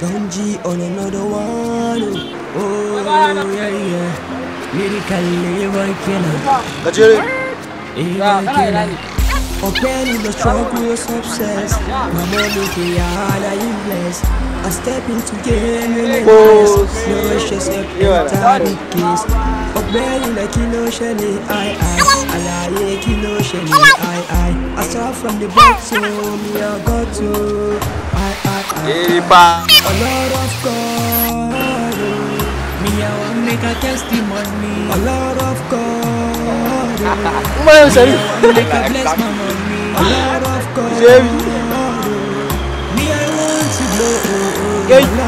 Don't on another one. Oh, yeah, yeah. Lyrical labor eh, killer. Gajere. Again in the struggle with success My money they are lying blessed I step into game with blessed Nourish yourself enter the case Again like you know Shelly I I Alaye eh, kilo Shelly I I I start from the bottom me I got to I I I Iriba A lot of God. Me, I will make a testimony. A lot of God. Me, I will make a bless my money. A lot of God. Me, I want to blow.